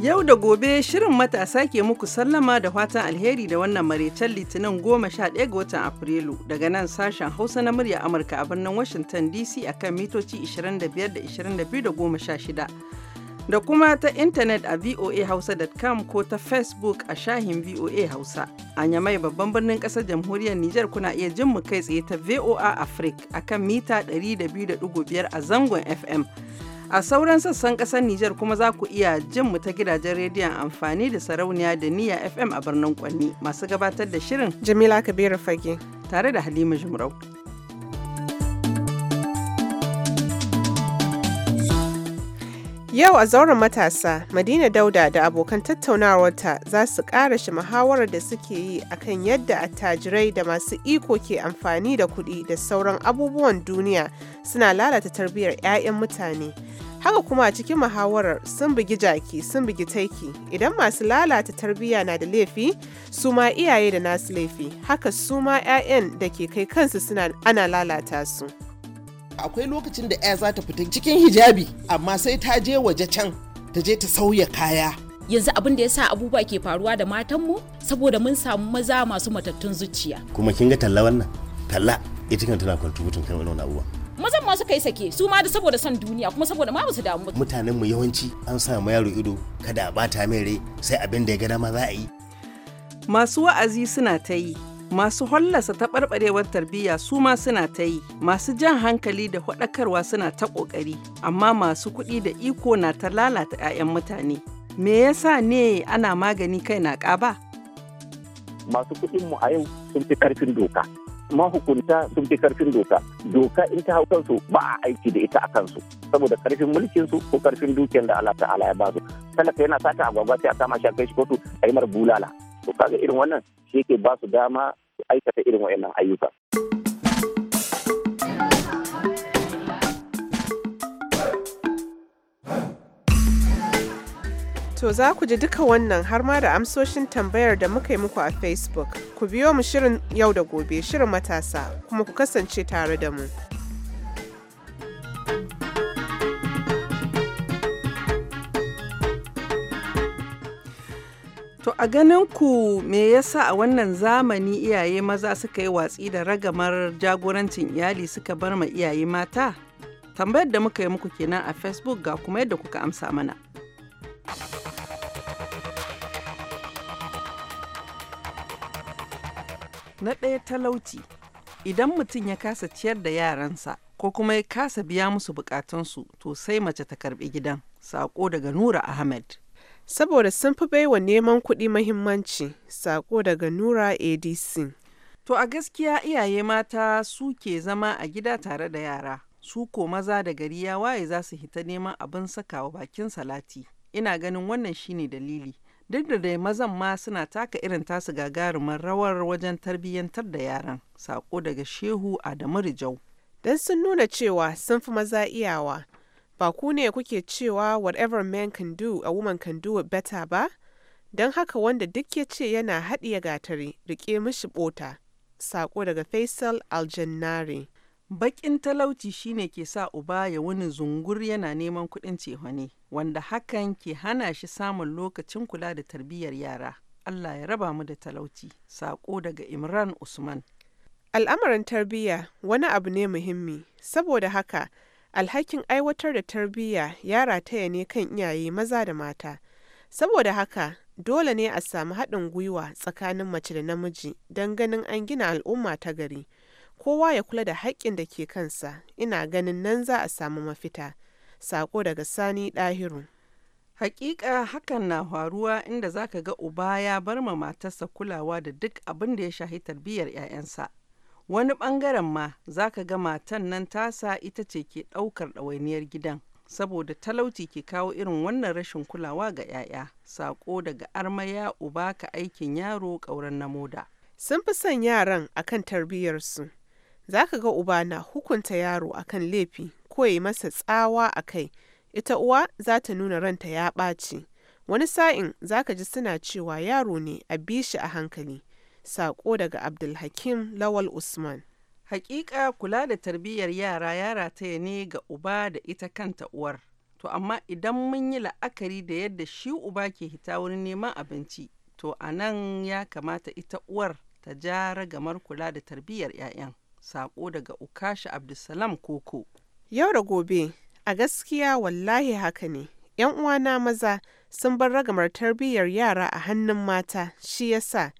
Yau da gobe shirin matasa ke muku sallama da fatan alheri da wannan maraicen litinin goma sha ɗaya ga watan Afrilu daga nan sashen Hausa na murya Amurka a birnin Washington DC akan mitoci 25 da 22 da goma sha shida. Da kuma ta intanet a voahausa.com ko ta Facebook a shahin VOA Hausa. A Yamai babban birnin ƙasar jamhuriyar Nijar kuna iya jin mu kai tsaye ta VOA Africa akan mita 102.5 a zangon FM. A sauran sassan ƙasar Nijar kuma za ku iya jin mu ta gidajen rediyon amfani da sarauniya da niyya FM a birnin Kwanni masu gabatar da shirin Jamila Kabiru Fage tare da Halima Jumrau. Yau a zauren matasa, Madina Dauda da abokan tattaunawarta za su shi muhawarar da suke yi akan yadda attajirai da masu iko ke amfani da kuɗi da sauran abubuwan duniya suna lalata tarbiyyar 'ya'yan mutane. Haka kuma a cikin muhawarar sun bugi jaki sun bugi taiki idan masu lalata tarbiyya na da laifi su ma iyaye da nasu laifi haka su ma 'ya'yan da ke kai kansu suna ana lalata su. akwai lokacin da ya za ta fita cikin hijabi amma sai ta je waje can ta je ta sauya kaya yanzu abin da ya sa abubuwa ke faruwa da matanmu saboda mun samu maza masu matattun zuciya kuma kin ga talla wannan talla ita kan tana contributing kan wannan abuwa mazan ma suka sake su ma da saboda son duniya kuma saboda ma su damu mutanen mu yawanci an sa ma yaro ido kada a bata mai rai sai abin da ya ga dama za a yi masu wa'azi suna ta yi masu hollasa taɓarɓarewar tarbiyya su ma suna ta yi masu jan hankali da hudakarwa suna ta ƙoƙari amma masu kuɗi da iko na ta lalata 'ya'yan mutane me yasa ne ana magani kai na ƙaba masu kuɗin mu a yau sun fi karfin doka mahukunta sun fi karfin doka doka in ta hau kansu ba a aiki da ita a kansu saboda karfin mulkin su ko karfin dukiyar da Allah ta'ala ya ba talaka yana sata agwagwa sai a kama shi a kai shi kotu a yi bulala to kaga irin wannan shi yake ba su dama su aikata irin wayannan ayyuka. To za ku ji duka wannan har ma da amsoshin tambayar da muka yi muku a Facebook. Ku biyo mu shirin yau da gobe shirin matasa kuma ku kasance tare da mu. To a ganin ku me yasa a wannan zamani iyaye maza suka yi watsi da ragamar jagorancin iyali suka bar ma iyaye mata? Tambayar da muka yi muku kenan a Facebook ga kuma yadda kuka amsa mana. Na ɗaya talauci, idan mutum ya kasa ciyar da yaransa ko kuma ya kasa biya musu bukatunsu to sai mace ta karbi gidan. saƙo daga Nura Ahmed. saboda sun fi baiwa neman kuɗi mahimmanci sako daga nura adc to a gaskiya iyaye mata suke zama a gida tare da yara su ko maza da gari ya waye za su hita neman abin sakawa bakin salati ina ganin wannan shine dalili duk da dai mazan ma suna taka irin tasu gagarumar rawar wajen tarbiyyantar da yaran sako daga shehu adamu rijau Dan sun nuna cewa sun fi maza iyawa ba ku ne kuke cewa whatever man can do a woman can do it better ba don haka wanda duk ya ce yana haɗiye gatari rike mishi bota Saƙo daga faisal aljannari bakin talauci shine ke sa uba ya wani zungur yana neman kuɗin cefane wanda hakan ke hana shi samun lokacin kula da tarbiyyar yara allah ya raba mu da talauci Saƙo daga imran usman al'amarin tarbiyya wani abu ne muhimmi saboda haka alhakin aiwatar da tarbiyya ya rataya ne kan iyaye maza da mata saboda haka dole ne a samu haɗin gwiwa tsakanin mace da namiji don ganin an gina al'umma ta gari kowa ya kula da haƙƙin da ke kansa ina ganin nan za a samu mafita saƙo daga sani ɗahiru Hakika hakan na faruwa inda zaka ga uba ya bar ma matarsa kulawa da duk abin da ya shahi tarbiyyar 'ya'yansa wani bangaren ma za ka ga matan nan tasa ita ce ke ɗaukar ɗawainiyar gidan saboda talauci ke kawo irin wannan rashin kulawa ga 'ya'ya sako daga armaya uba ka aikin yaro ƙauran na moda sun fi son yaran akan tarbiyyarsu za ka ga uba na hukunta yaro akan laifi ko ya masa tsawa a kai ita uwa za ta nuna ranta ya ɓaci wani sa'in za ka ji suna cewa yaro ne a bi shi a hankali Sako daga Abdulhakim Lawal Usman. Hakika kula da tarbiyyar yara yara taya ne ga uba da ita kanta uwar. To amma idan mun yi la'akari da yadda shi uba ke hita wurin neman abinci, to a nan ya kamata ita uwar ta ja ragamar kula da tarbiyyar 'ya'yan. Sako daga Ukashi Abdulsalam Koko. Yau da gobe, a gaskiya wallahi haka ne, 'yan uwana maza sun bar ragamar tarbiyyar yara a hannun mata, shi yasa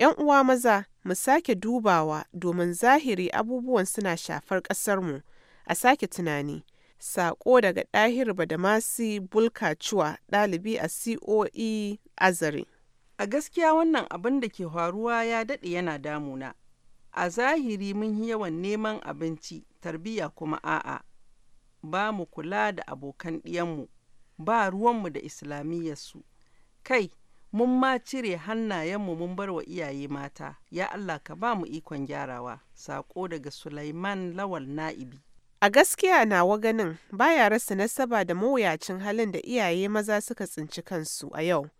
‘Yan uwa maza, mu sake dubawa domin zahiri abubuwan suna shafar ƙasarmu, a sake tunani.” Saƙo daga ɗahir Badamasi cuwa ɗalibi a COE Azare. A gaskiya wannan abin da ke faruwa ya daɗe yana damuna. A zahiri mun yi yawan neman abinci, tarbiyya kuma a'a. Ba mu kula da abokan ɗiyanmu, ba ruwanmu da Islamiyyarsu. Kai, mun ma cire hannayenmu mun bar wa iyaye mata ya Allah ka ba mu ikon gyarawa sako daga Sulaiman Lawal Na'ibi A gaskiya nawa ganin baya rasa nasaba da mawuyacin halin da iyaye maza suka tsinci kansu a yau.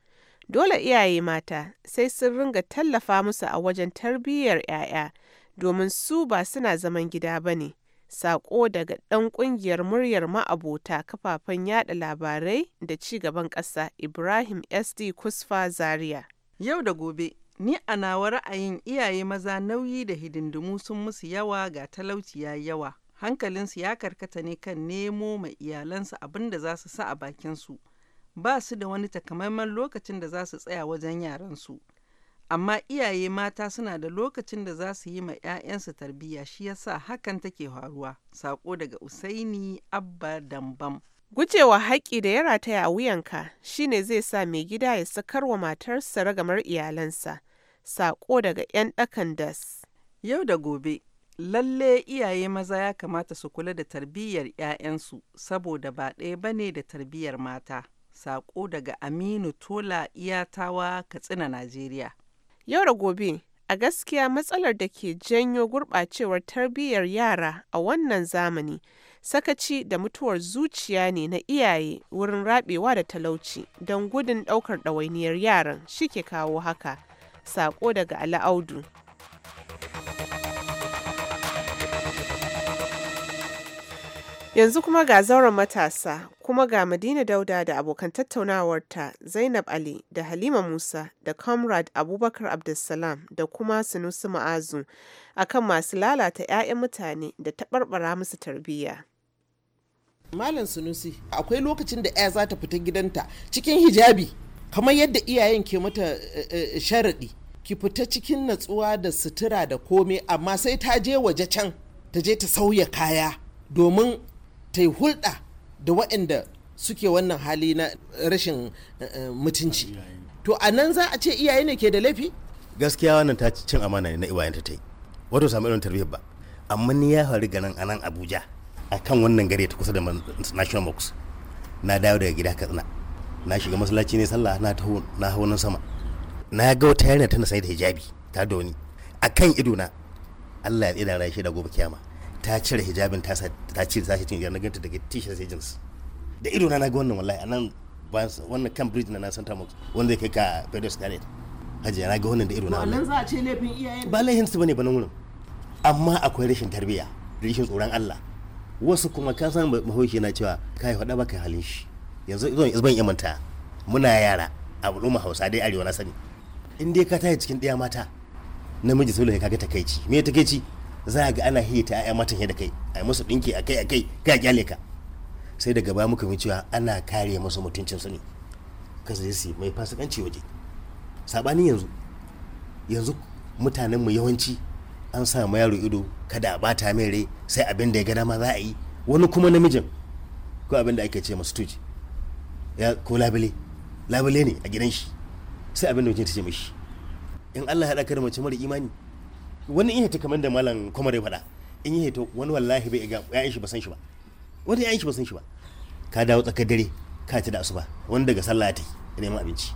Dole iyaye mata sai sun ringa tallafa musu a wajen tarbiyyar 'ya'ya domin su ba suna zaman gida ba ne. Sako daga ɗan ƙungiyar muryar ma'abota kafafen yada labarai da ci gaban ƙasa Ibrahim SD Kusfa Zaria. Yau da gobe, ni a nawa ra'ayin iyaye maza nauyi da hidindimu sun musu yawa ga talauci ya yawa. Hankalinsu ya karkata ne kan nemo mai iyalansu abin da za su sa a bakinsu. Ba su da wani takamaiman lokacin da za su tsaya wajen yaransu. amma iyaye mata suna da lokacin da za su yi ma 'ya'yansu tarbiyya shi yasa hakan take faruwa sako daga usaini abba dambam gujewa haƙƙi da ya rataya a wuyanka shine zai sa mai gida ya sakar wa matarsa ragamar iyalansa sako daga 'yan ɗakan das yau da gobe lalle iyaye maza ya kamata su kula da tarbiyyar 'ya'yansu saboda ba ɗaya bane da tarbiyyar mata sako daga aminu tola iyatawa katsina najeriya Yau da gobe, a gaskiya matsalar da ke janyo gurɓacewar tarbiyyar yara a wannan zamani sakaci da mutuwar zuciya ne na iyaye wurin rabewa da talauci don gudun ɗaukar ɗawainiyar yaran shike kawo haka. Sako daga Ala Yanzu kuma ga zauren matasa kuma ga Madina Dauda da abokan tattaunawarta Zainab Ali da Halima Musa da Comrade Abubakar Abdulsalam da kuma Sunusu Ma'azu akan masu lalata 'ya'yan mutane da taɓarɓara musu tarbiyya. Malam Sunusi akwai lokacin da 'ya za ta fita gidanta cikin hijabi kamar yadda iyayen ke mata eh, eh, sharaɗi ki fita cikin natsuwa da sutura da komai amma sai ta je waje can ta je ta sauya kaya domin ta yi hulɗa da waɗanda suke wannan hali na rashin eh, eh, mutunci to a nan za a ce iyaye ne ke da laifi gaskiya wannan ta cin amana ne na iwayenta ta yi wato samu irin tarbiyyar ba amma ni ya faru ganin a nan abuja a kan wannan gare ta kusa da national box na dawo daga gida katsina na shiga masallaci ne sallah na taho na hau nan sama na ga wata yarinya tana sai da hijabi ta doni a kan ido na allah ya tsira ran shi da gobe kiyama ta cire hijabin ta ta cire sashi cikin na ganta daga t-shirt sai jeans da ido na ga wannan wallahi anan wannan kan bridge na na Santa Mox wanda kai ka Pedro Scarlet haji na ga wannan da ido na wannan za a ce laifin iyaye ba laifin su bane ba nan wurin amma akwai rashin tarbiyya rashin tsoron Allah wasu kuma ka san mahaushi na cewa kai faɗa ba kai halin shi yanzu zan izban imanta muna yara a al'umma Hausa dai arewa na sani in dai ka tayi cikin ɗaya mata namiji sai ka ga takeici me takeici za ga ana ta ya matan da kai a yi musu dinki kai a kai kyale ka sai daga ba muka mi cewa ana kare masu mutuncin su ne kan ya su mai fasikanci waje sabanin yanzu yanzu mutanen mu yawanci an sa ma yaro ido kada a bata mai rai sai abin da ya gada ma za a yi wani kuma namijin ko abin da ake ce masu tuji ya ko labile labile ne a gidan shi sai abin da mutum ta ce mishi in Allah ya haɗa ka mace mara imani wani iya ta kamar da malam kwamar ya faɗa in yi to wani wallahi bai ga ya'yan shi ba san shi ba wani ya'yan shi ba san shi ba ka dawo tsakar dare ka ci da asuba wani daga sallah ta yi neman abinci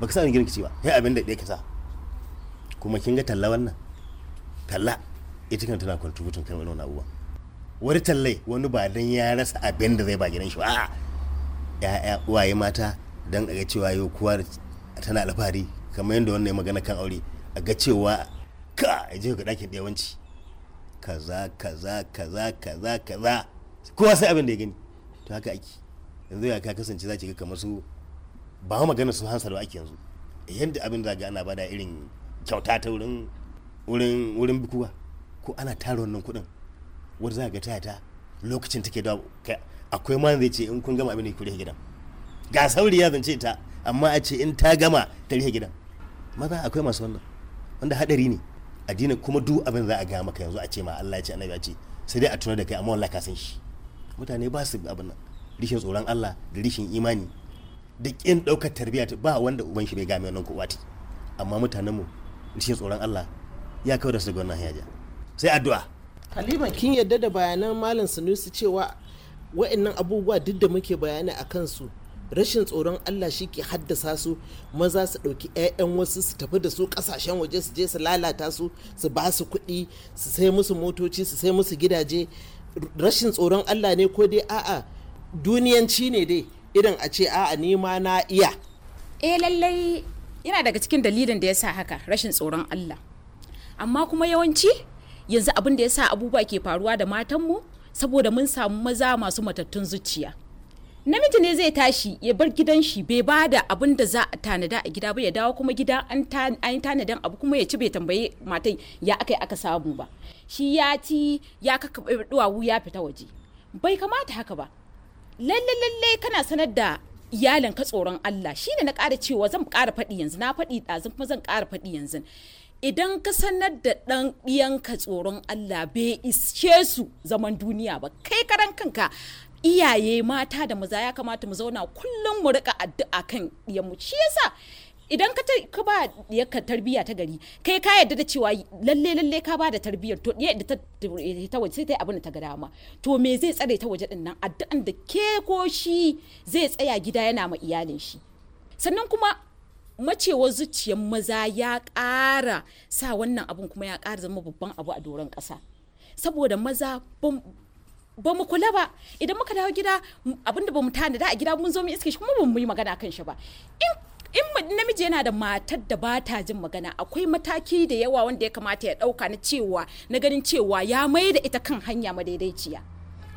baka sa gidan kici ba ya abin da ɗaya ka sa kuma kin ga talla wannan talla ita kan tana contributing kan wani abubuwa wani tallai wani ba dan ya rasa abin da zai ba gidan shi ba ya'ya uwaye mata dan a ga cewa yau kowa tana alfahari kamar yadda wannan magana kan aure a ga cewa ka ya je ga ɗakin ɗewanci kaza kaza kaza kaza kaza kowa sai abin da ya gani to haka ake yanzu ya ka kasance za ki ga kamar su ba ma magana sun hansa da ake yanzu yadda abin da ga ana bada irin kyauta ta wurin wurin wurin bukuwa ko ana tara wannan kuɗin wanda za ga taya ta lokacin take da akwai ma zai ce in kun gama abin da ku rike gidan ga sauri ya zance ta amma a ce in ta gama ta rike gidan maza akwai masu wannan wanda hadari ne addinin kuma duk abin za a ga maka yanzu a ce ma Allah ya ce annabi ya ce sai dai a tuna da kai amma wallahi ka san shi mutane ba su abin nan rishin tsoron Allah da rishin imani da kin daukar tarbiyya ba wanda uban shi bai ga mai wannan kuwati amma mutanen mu rishin tsoron Allah ya kawo da su daga wannan hayaja sai addu'a Halima kin yadda da bayanan Malam Sanusi cewa wa'annan abubuwa duk da muke bayani a kansu rashin tsoron Allah shi ke haddasa su maza su ɗauki 'ya'yan wasu su tafi da su ƙasashen waje su je su lalata su su ba su kuɗi su sai musu motoci su sai musu gidaje rashin tsoron Allah ne ko dai a'a duniyanci ne dai irin a ce a'a ni ma na iya eh lallai yana daga cikin dalilin da ya sa haka rashin tsoron Allah amma kuma yawanci yanzu abin da ya sa abubuwa ke faruwa da matanmu saboda mun samu maza masu matattun zuciya namiji ne zai tashi ya bar gidan shi bai ba da abin da za a tanada a gida ba ya dawo kuma gida an yi tanadan abu kuma ya ci bai tambaye matai ya aka yi aka samu ba shi ya ci ya kaka duwawu ya fita waje bai kamata haka ba lalle lalle kana sanar da iyalin ka tsoron Allah shi shine na kara cewa zan kara faɗi yanzu na faɗi ɗazu kuma zan kara faɗi yanzu idan ka sanar da ɗan ɗiyanka tsoron Allah bai iske su zaman duniya ba kai karan kanka iyaye mata da maza ya kamata mu zauna kullum mu rika addu'a kan mu shi yasa idan ka ka ba ka tarbiya ta gari kai ka yarda da cewa lalle lalle ka ba da tarbiyar to ya da ta waje sai ta abin da ta gada dama to me zai tsare ta waje dinnan addu'an da ke ko shi zai tsaya gida yana ma iyalin shi sannan kuma macewar zuciyar maza ya ƙara sa wannan abun kuma ya ƙara zama babban abu a doron ƙasa saboda maza ba mu kula ba idan muka dawo gida abinda ba mu tanada a gida mun zo mu iske shi kuma ba mu yi magana kan shi ba in namiji yana da matar da ba ta jin magana akwai mataki da yawa wanda ya kamata ya dauka na cewa na ganin cewa ya mai da ita kan hanya madaidaiciya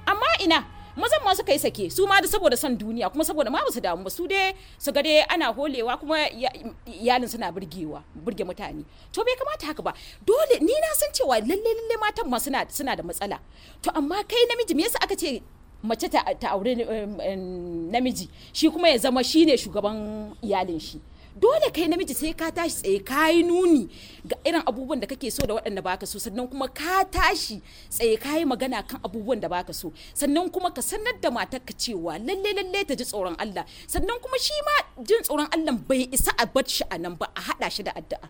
amma ina mazan ma suka yi sake su ma da saboda son duniya kuma saboda ma su damu ba su dai su ga dai ana holewa kuma iyalin suna burgewa burge mutane to bai kamata haka ba dole ni na san cewa lalle lalle matan ma suna suna da matsala to amma kai namiji me yasa aka ce mace ta aure namiji shi kuma ya zama shine shugaban iyalin shi dole kai namiji sai ka tashi tsaye ka yi nuni ga irin abubuwan da kake so da waɗanda baka so sannan kuma ka tashi tsaye ka yi magana kan abubuwan da baka so sannan kuma ka sanar da matarka cewa lalle lalle ta ji tsoron Allah sannan kuma shi ma jin tsoron Allah bai isa a bar shi a nan ba a haɗa shi da addu'a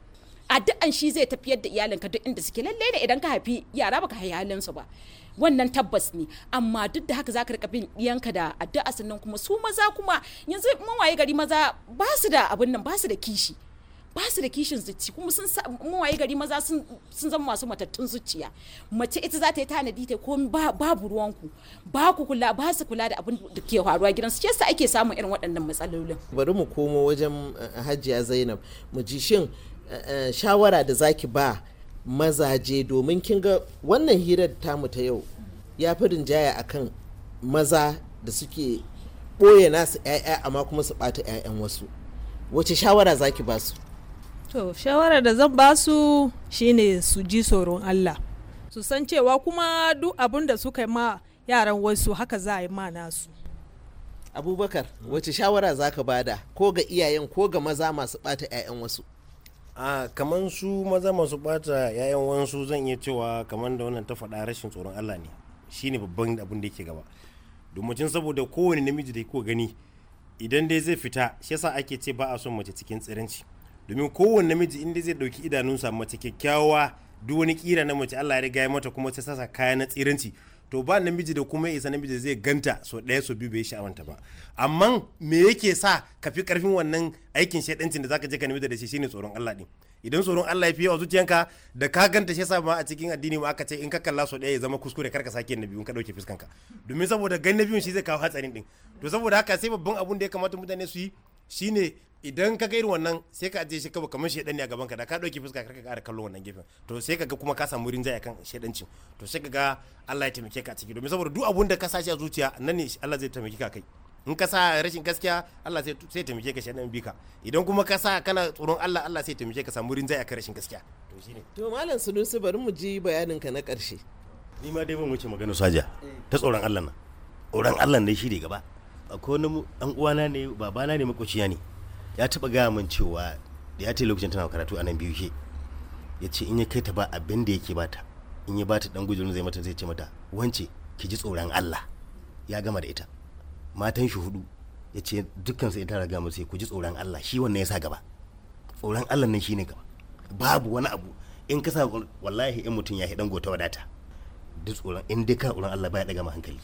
addu'an shi zai tafiyar da iyalinka duk inda suke lalle da idan ka haifi yara baka haifi halinsu ba wannan tabbas ne amma duk da haka zaka rika bin ɗiyanka da addu'a sannan kuma su maza kuma yanzu mun gari maza ba su da abin nan ba su da kishi ba su da kishin zuci kuma sun mawaye gari maza sun zama masu matattun zuciya mace ita za ta yi tanadi ta ko babu ruwanku ba ku kula ba su kula da abin da ke faruwa gidan su yasa ake samun irin waɗannan matsalolin bari mu komo wajen eh, hajiya zainab mu ji shin eh, eh, shawara da zaki ba mazaje domin kin ga wannan hirar tamu ta yau ya fi rinjaya a kan maza da suke ɓoye nasu 'ya'ya amma kuma su ɓata 'ya'yan wasu wace shawara za ki basu to shawara da zan basu shine su ji tsoron allah su san cewa kuma duk abin da suka yi ma yaran wasu haka za a yi ma nasu abubakar wace shawara za ka bada ko ga iyayen ko ga maza masu ɓata 'ya'yan wasu a kaman su maza masu bata yayan wansu zan iya cewa kamar da wannan ta faɗa rashin tsoron Allah ne shine babban abin da yake gaba domin saboda kowane namiji da ko gani idan dai zai fita shi yasa ake ce ba a son mace cikin tsiranci domin kowane namiji inda zai dauki idanunsa mace kyakkyawa duk wani kira na mace Allah ya riga ya mata kuma ta sasa kaya na tsiranci to ba namiji da kuma isa namiji zai ganta so ɗaya so biyu bai sha'awanta ba amma me yake sa ka fi karfin wannan aikin shaidancin da zaka je ka nemi da shi shine tsoron Allah din idan tsoron Allah ya fi yawa zuciyanka da ka ganta shi yasa ma a cikin addini ma aka ce in ka kalla so ɗaya ya zama kuskure kar ka sake na biyu ka dauke fuskanka domin saboda ganin biyun shi zai kawo hatsarin din to saboda haka sai babban abun da ya kamata mutane su yi shine idan ka ga irin wannan sai ka ajiye shi kawai kamar shaidan ne a gaban ka da ka dauki fuska ka kara kallon wannan gefen to sai ka ga kuma ka samu rinjaye akan shedancin to sai ka ga Allah ya taimake ka a ciki domin saboda duk abun da ka shi a zuciya nan ne Allah zai taimake ka kai in ka sa rashin gaskiya Allah sai sai taimake ka shaidan bi ka idan kuma ka sa kana tsoron Allah Allah sai taimake ka samu rinjaye akan rashin gaskiya to shine to malam sunusi bari mu ji bayanin ka na karshe ni ma dai ban wuce magana saja ta tsoron Allah nan tsoron Allah ne shi ne gaba akwai wani dan uwana ne babana ne makociya ne ya taba gaya min cewa da ya ce lokacin tana karatu a nan biyu ke ya ce in ya kai ta ba abin da yake bata in ya bata dan gujirin zai mata zai ce mata wance ki ji tsoron Allah ya gama da ita matan shi hudu ya ce dukkan sai ta raga sai ku ji tsoron Allah shi wannan yasa gaba tsoron Allah nan shine gaba babu wani abu in ka sa wallahi in mutum ya hidan gota wadata duk tsoron in dai ka tsoron Allah baya daga ma hankali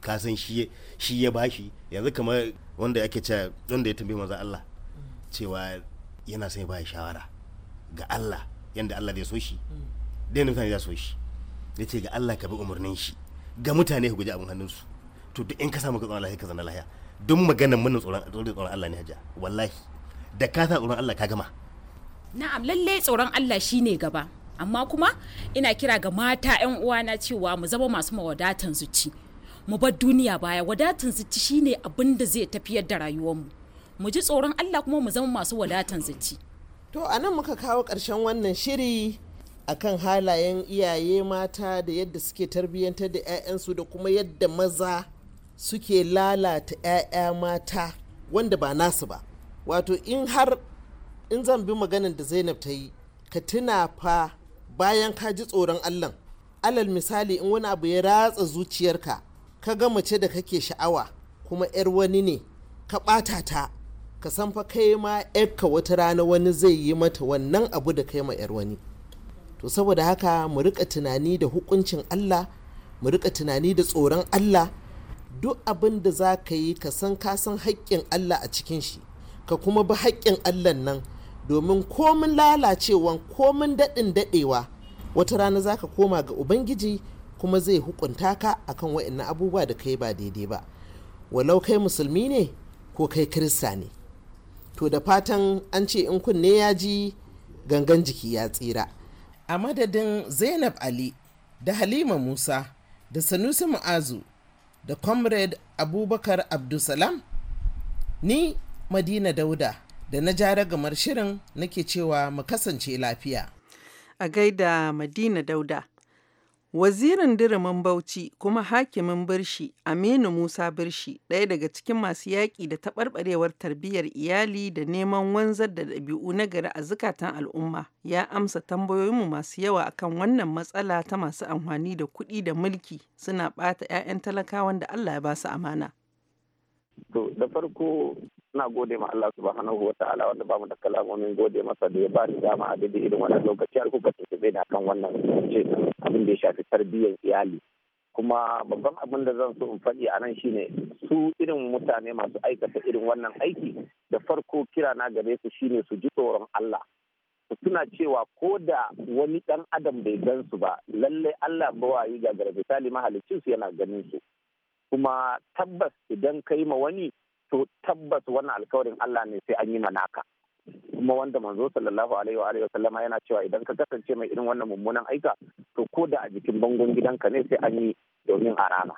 ka san shi shi ya bashi yanzu kamar wanda yake ce wanda ya tambi manzo Allah cewa yana son ya ba shawara ga Allah yanda Allah zai so shi dai mutane za so shi ya ce ga Allah ka bi umarnin shi ga mutane ku guji abin hannunsu to duk in ka samu ka tsoron Allah ka zana lahiya don maganar mun tsoron tsoron Allah ne haja wallahi da ka sa tsoron Allah ka gama na'am lalle tsoron Allah shine gaba amma kuma ina kira ga mata 'yan uwana cewa mu zama masu mawadatan zuci mu bar duniya baya wadatan zuci shine abin da zai tafiyar da rayuwar mu ji tsoron Allah kuma mu zama masu wadatan zuci to anan muka kawo ƙarshen wannan shiri akan halayen iyaye mata da yadda suke tarbiyyantar da 'ya'yansu da kuma yadda maza suke lalata 'ya'ya mata wanda ba nasu ba wato in har in zan bi maganin da zainab ta yi ka tuna fa bayan ka ji tsoron allah alal misali in wani abu ya ratsa zuciyarka ka ga mace da kake sha'awa kuma 'yar wani ne ka ɓata ta ka san fa kai ma 'yarka wata rana wani zai yi mata wannan abu da kai ma 'yar wani to saboda haka mu rika tunani da hukuncin Allah mu rika tunani da tsoron Allah duk abin da za ka yi ka san ka san haƙƙin Allah a cikin shi ka kuma bi haƙƙin Allah nan domin komin lalacewan komin daɗin daɗewa wata rana za ka koma ga Ubangiji kuma zai hukunta ka akan wa'annan abubuwa da kai ba daidai ba walau kai musulmi ne ko kai kirista ne to da fatan an ce in kunne ya ji gangan jiki ya tsira a madadin zainab ali da halima musa da sanusi Ma'azu da comrade abubakar abdulsalam ni madina dauda da na jara gamar shirin nake cewa mu kasance lafiya a gaida madina dauda Wazirin Diriman Bauchi kuma hakimin Birshi, Aminu Musa Birshi, ɗaya daga cikin masu yaƙi da taɓarɓarewar tarbiyyar iyali da neman wanzar da ɗabi'u na gari a zukatan al'umma, ya amsa tambayoyinmu masu yawa akan wannan matsala ta masu amfani da kuɗi da mulki suna ɓata 'ya'yan talakawan da Allah ya basu amana. To, da farko ina gode ma Allah subhanahu wa ta'ala wanda ba mu da kalamomin gode masa da ya bani dama a daidai irin wannan lokaci har kuka bai da kan wannan ce abin da ya shafi tarbiyyar iyali kuma babban abin da zan so in faɗi a nan shine su irin mutane masu aikata irin wannan aiki da farko kira na gare su shine su ji tsoron Allah su cewa ko da wani ɗan adam bai gan su ba lallai Allah bawa yi ga misali mahalicin su yana ganin su kuma tabbas idan kai ma wani to tabbas wannan alkawarin Allah ne sai an yi manaka kuma wanda manzo sallallahu alaihi wa sallama yana cewa idan ka kasance mai irin wannan mummunan aika to ko da a jikin bangon gidanka ne sai an yi domin a rana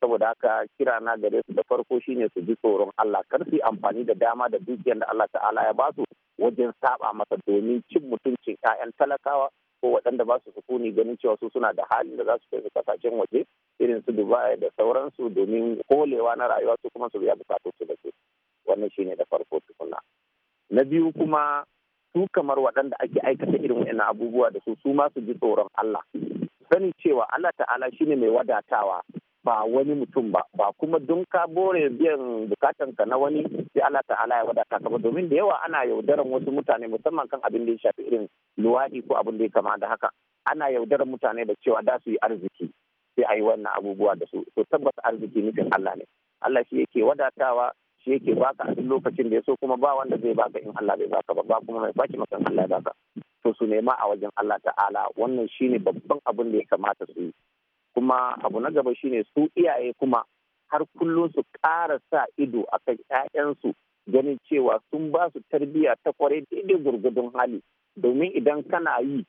saboda haka kira na gare su da farko shine su ji tsoron Allah kar su yi amfani da dama da dukiyar da Allah ta'ala ya basu wajen saba masa domin cin mutuncin 'ya'yan talakawa ko waɗanda ba su sukuni ganin cewa su suna da halin da za su kai su kasashen waje irin su Dubai da sauransu domin kolewa na rayuwa su kuma su biya bukatu su da su wannan shine da farko tukuna na biyu kuma su kamar waɗanda ake aikata irin wa'annan abubuwa da su su ma su ji tsoron Allah sani cewa Allah ta'ala shine mai wadatawa ba wani mutum ba ba kuma don ka bore biyan bukatan ka na wani sai Allah ta'ala ya wadata ka ba domin da yawa ana yaudaran wasu mutane musamman kan abin da ya shafi irin luwadi ko abin da ya kama da haka ana yaudaran mutane da cewa da su yi arziki sai a yi wannan abubuwa da su to tabbas arziki nufin Allah ne Allah shi yake wadatawa shi yake baka a duk lokacin da ya so kuma ba wanda zai baka in Allah bai baka ba ba kuma mai baki maka Allah ya baka to su nema a wajen Allah ta'ala wannan shine babban abin da ya kamata su yi kuma abu na gaba shine su iyaye kuma har kullum su ƙara sa ido a kan 'ya'yansu ganin cewa sun ba su tarbiyya ta kwarai daidai gurgudun hali domin idan kana yi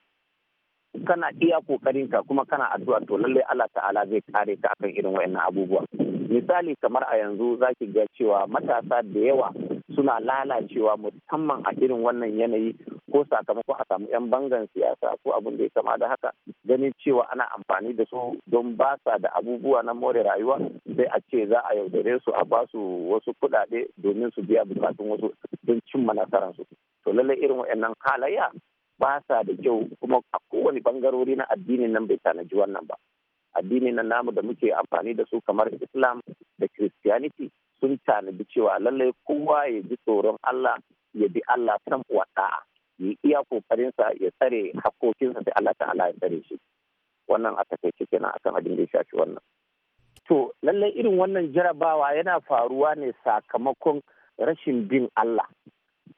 kana iya kokarinka kuma kana addu'a to lallai Allah ta'ala zai kare ka akan irin wa'annan abubuwa misali kamar a yanzu za ki ga cewa matasa da yawa suna lalacewa musamman a irin wannan yanayi ko sakamako a samu 'yan bangan siyasa ko abin da ya kama da haka ganin cewa ana amfani da su don ba sa da abubuwa na more rayuwa sai a ce za a yaudare su a ba su wasu kuɗaɗe domin su biya bukatun wasu don cimma nasararsu to lallai irin waɗannan halayya ba sa da kyau kuma a kowane bangarori na addinin nan bai tanaji wannan ba addini na namu da muke amfani da su kamar islam da christianity sun tanadi cewa lallai kowa ya ji tsoron allah ya bi allah san uwa ɗa'a ya iya kokarinsa ya tsare hakkokinsa da allah ta'ala ya tsare shi wannan a takaice kenan akan abin da ya shafi wannan to lallai irin wannan jarabawa yana faruwa ne sakamakon rashin bin allah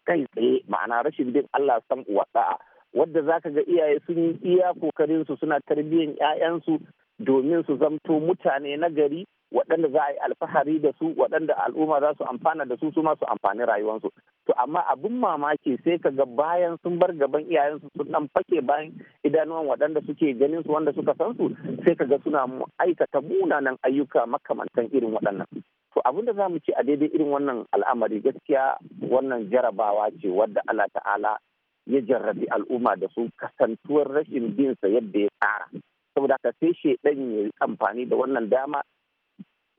kai tsaye ma'ana rashin bin allah san uwa Wadda wadda zaka ga iyaye sun yi iya kokarin suna tarbiyyar 'ya'yansu domin su zamto mutane na gari waɗanda za a yi alfahari da su waɗanda al'umma za su amfana da su su ma amfani rayuwarsu to amma abin mamaki sai ka ga bayan sun bar gaban iyayensu sun dan fake bayan idanuwan waɗanda suke ganin su wanda suka san su sai ka ga suna aikata munanan ayyuka makamantan irin waɗannan to abin da za mu ci a daidai irin wannan al'amari gaskiya wannan jarabawa ce wadda Allah ta'ala ya jarrabi al'umma da su kasantuwar rashin bin yadda ya tsara saboda ka sai dan ya yi amfani da wannan dama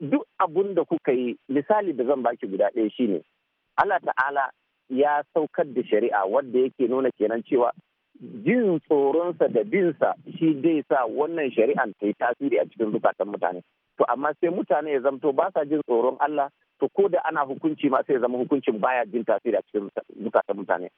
duk abun da kuka yi misali da zan baki guda ɗaya shine Allah ta'ala ya saukar da shari'a wadda yake nuna kenan cewa jin tsoronsa da binsa shi dai sa wannan shari'an ta yi tasiri a cikin zukatan mutane to amma sai mutane ya zamto ba sa jin tsoron Allah to ko da ana hukunci ma sai ya zama hukuncin baya jin tasiri a cikin zukatan mutane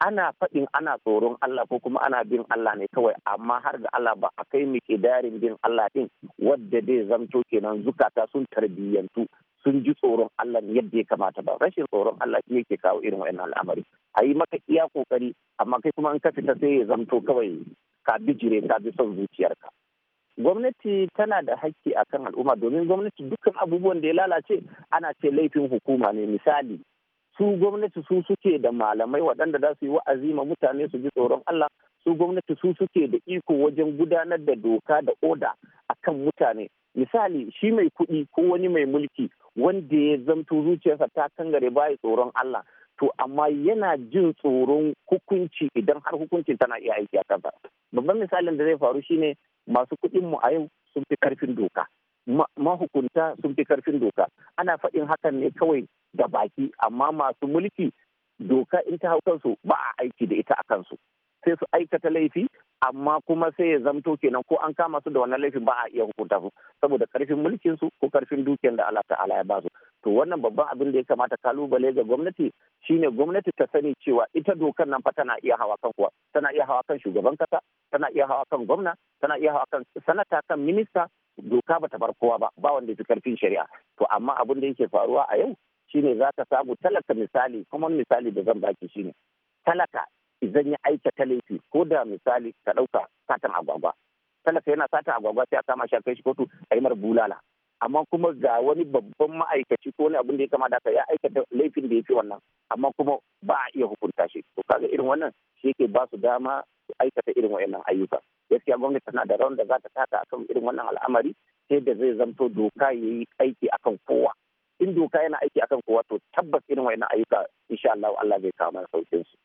ana faɗin ana tsoron Allah ko kuma ana bin Allah ne kawai amma har ga Allah ba a kai muke darin bin Allah din wadda dai zamto kenan zukata sun tarbiyyantu sun ji tsoron Allah yadda ya kamata ba rashin tsoron Allah shi yake kawo irin wannan al'amari a yi maka iya kokari amma kai kuma in ka fita sai ya zamto kawai ka bijire ka bi son zuciyarka gwamnati tana da hakki akan al'umma domin gwamnati dukkan abubuwan da ya lalace ana ce laifin hukuma ne misali su gwamnati su suke da malamai waɗanda za su yi wa'azi ma mutane su ji tsoron Allah su gwamnati su suke da iko wajen gudanar da doka da oda akan mutane misali shi mai kuɗi ko wani mai mulki wanda ya zamto zuciyarsa ta kangare baya tsoron Allah to amma yana jin tsoron hukunci idan har hukuncin tana iya aiki a kansa babban misalin da zai faru shine masu kuɗin mu a yau sun fi karfin doka mahukunta sun fi karfin doka ana faɗin hakan ne kawai da baki amma masu mulki doka in ta hau kansu ba a aiki da ita a kansu sai su aikata laifi amma kuma sai ya zamto kenan ko an kama su da wannan laifin ba a iya hukunta su saboda karfin mulkin su ko karfin dukiyar da Allah ta'ala ya ba su to wannan babban abin da ya kamata kalubale ga gwamnati shine gwamnati ta sani cewa ita dokar nan fa tana iya hawa kan kuwa tana iya hawa kan shugaban kasa tana iya hawa kan gwamna tana iya hawa kan sanata kan minista doka bata bar kowa ba ba wanda fi karfin shari'a to amma abin da yake faruwa a yau shine za ka samu talaka misali kuma misali da zan baki shine talaka idan ya aikata laifi ko da misali ka ɗauka satan agwagwa talaka yana satan agwagwa sai a kama shi a kai shi kotu a yi bulala amma kuma ga wani babban ma'aikaci ko wani abin da ya kama ka ya aikata laifin da ya fi wannan amma kuma ba a iya hukunta shi to kaga irin wannan shi yake ba su dama su aikata irin wa'annan ayyuka gaskiya gwamnati tana da rawan da za ta taka akan irin wannan al'amari sai da zai zanto doka ya yi aiki akan kowa in doka yana aiki akan kowa to tabbas irin wayannan ayyuka insha Allah Allah zai kawo mana saukin su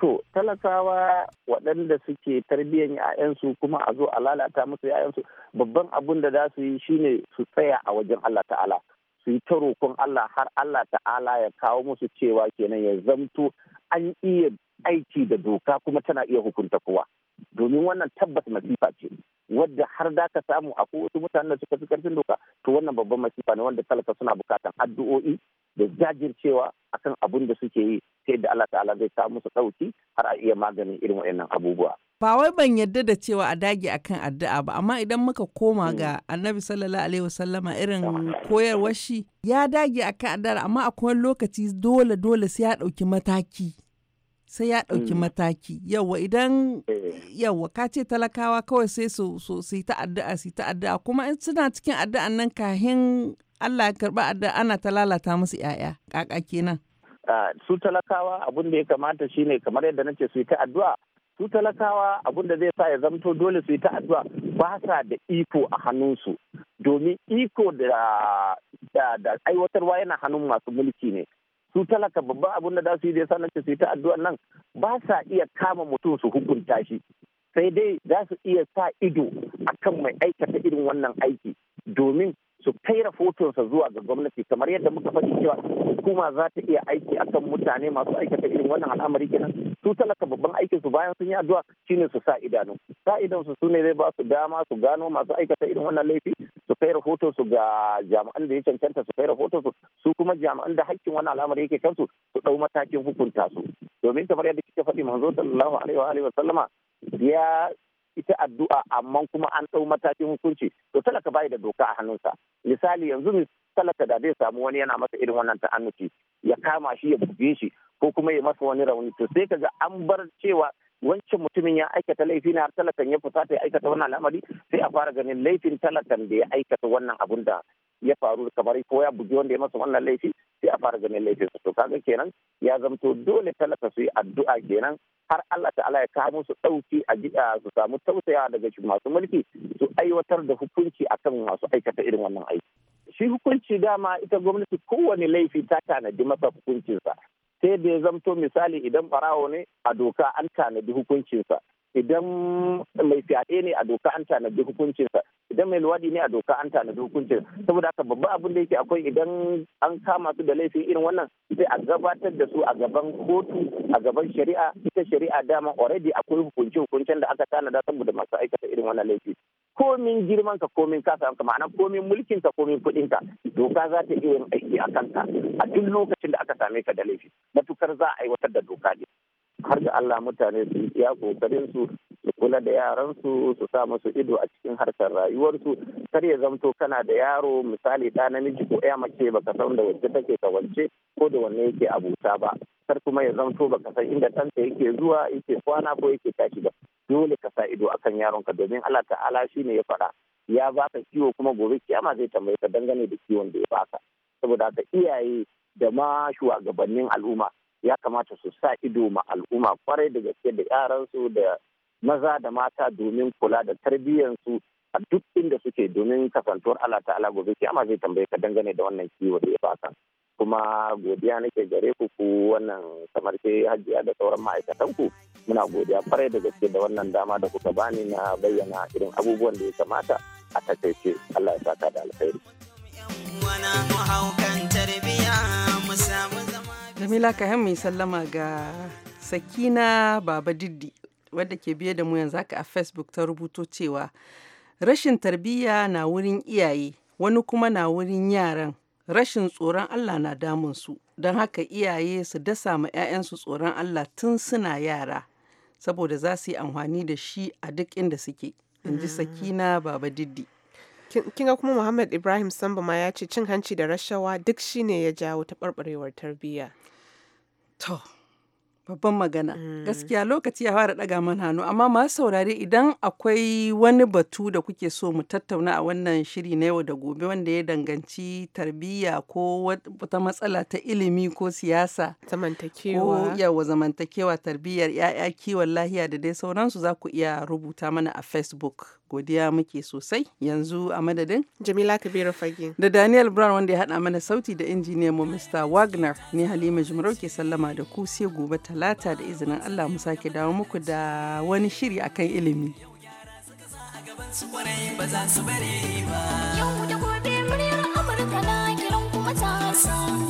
to talakawa waɗanda suke tarbiyyan ‘ya'yansu kuma a zo a lalata musu ‘ya'yansu babban abun da za su yi shine su tsaya a wajen Allah ta'ala su yi ta roƙon Allah har Allah ta'ala ya kawo musu cewa kenan ya zamto an iya aiki da doka kuma tana iya hukunta kowa domin wannan tabbas masifa ce wadda har da ka samu a wasu mutanen da suka fi karfin doka to wannan babban masifa ne wanda talaka suna bukatan addu'o'i da jajircewa akan abin da suke yi sai da Allah ta'ala zai samu su ɗauki har a iya maganin irin waɗannan abubuwa. Ba wai ban yadda da cewa a dage akan addu'a ba amma idan muka koma hmm. ga Annabi sallallahu alaihi wasallama irin koyarwar shi ya dage akan addu'a amma akwai lokaci dole dole sai ya ɗauki mataki sai ya ɗauki mm. mataki yawa idan eh. yawa ka ce talakawa kawai sai su su yi ta su ta kuma in suna cikin addu'an nan kahin Allah ya karba addu'a ana ta lalata musu ƴaƴa kaka kenan su talakawa abun da ya kamata shine kamar yadda na ce su yi ta addu'a su talakawa abun da zai sa ya zamto dole su yi ta addu'a ba sa da iko a hannunsu domin iko da aiwatarwa yana hannun masu mulki ne su talaka babban abun da za su yi da sanar na su yi ta addu'an nan ba sa iya kama mutum su hukunta shi sai dai za su iya sa ido akan mai aikata irin wannan aiki domin su kai rahotonsa zuwa ga gwamnati kamar yadda muka faɗi cewa hukuma za ta iya aiki akan mutane masu aikata irin wannan al'amari kenan su talaka babban aikin su bayan sun yi addu'a shine su sa idanu sa idan su sune zai ba su dama su gano masu aikata irin wannan laifi su kai rahoton su ga jami'an da ya cancanta su kai rahoton su kuma jami'an da hakkin wannan al'amari yake kansu su dau matakin hukunta su domin kamar yadda kika faɗi manzo sallallahu alaihi wa alihi wa sallama ya ita addu'a amma kuma an ɗau matakin hukunci to talaka bai da doka a hannunsa misali yanzu talaka da zai samu wani yana masa irin wannan ta'annuci ya kama shi ya buge shi ko kuma ya masa wani rauni to sai kaga an bar cewa wancan mutumin ya aikata laifi na har talakan ya fusata ya aikata wannan al'amari sai a fara ganin laifin talakan da ya aikata wannan abun da ya faru kamar ko ya bugi wanda ya masa wannan laifi sai a fara ganin laifinsa to kaga kenan ya zamto dole talaka su yi addu'a kenan har Allah ta'ala ya kawo musu ɗauki a su samu tausayawa daga masu mulki su aiwatar da hukunci akan masu aikata irin wannan aiki shi hukunci dama ita gwamnati kowane laifi ta tanadi masa hukuncinsa sai da ya zamto misali idan barawo ne a doka an tanadi hukuncinsa idan mai fyaɗe ne a doka an tanadi hukuncinsa idan mai luwadi ne a doka an tanadi hukuncin saboda haka babban abin da yake akwai idan an kama su da laifin irin wannan sai a gabatar da su a gaban kotu a gaban shari'a ita shari'a dama already akwai hukuncin hukuncen da aka tanada saboda masu aikata irin wannan laifi komin girman ka komin kasa ka ma'ana komin mulkin ka komin kuɗin ka doka za ta iya yin aiki a kanka a duk lokacin da aka same ka da laifi matukar za a aiwatar da doka ne har da Allah mutane su yi iya kokarin su su kula da yaransu su sa musu ido a cikin harkar rayuwarsu kar ya zamto kana da yaro misali da namiji ko ya mace baka san da wacce take ka wacce ko da wanne yake abuta ba kar kuma ya zamto baka san inda ɗanta yake zuwa yake kwana ko yake tashi ba dole ka sa ido akan yaronka domin Allah ta'ala shine ya faɗa ya baka kiwo kuma gobe kiyama zai tambaye ka dangane da kiwon da ya baka saboda haka iyaye da ma shugabannin al'umma ya kamata su sa ido ma al'umma kwarai da gaske da yaransu da maza da mata domin kula da tarbiyyansu a duk inda suke domin kasantuwar Allah ta'ala gobe kiyama zai tambaye ka dangane da wannan kiwo da ya baka kuma godiya nake gare ku ku wannan kamar ke hajiya da sauran ma'aikatan ku muna godiya kwarai da gaske da wannan dama da kuka bani na bayyana irin abubuwan da ya kamata a takaice Allah ya saka da alkhairi. Jamila ka mai sallama ga Sakina Baba Diddi wadda ke biye da mu yanzu haka a Facebook ta rubuto cewa rashin tarbiyya na wurin iyaye wani kuma na wurin yaran rashin tsoron Allah na damun su don haka iyaye su dasa ma 'ya'yansu tsoron Allah tun suna yara saboda za su yi amfani da shi a duk inda suke in ji mm. Sakina Baba Diddi. kin ga kuma Muhammad Ibrahim Samba ma ya ce cin hanci da rashawa duk shine ya jawo ta barbarewar tarbiyya. To, babban magana. Mm. Gaskiya lokaci ya fara daga man hannu, amma masu saurare idan akwai wani batu da kuke so mu tattauna a wannan shiri na yau da gobe wanda ya danganci tarbiyya ko wata matsala ta ilimi ko siyasa. Zamantakewa. Ko yawa zamantakewa tarbiyyar 'ya'ya kiwon lahiya da dai sauransu za ku iya rubuta mana a Facebook. godiya muke sosai yanzu a madadin jamila kabiru fage da daniel brown wanda ya hada mana sauti da injiniyan mu mr wagner ne halima jimarau ke sallama da ku sai gobe talata da izinin allah mu sake dawo muku da wani shiri akan ilimi yau da gobe muryar amurka na kiran kuma ta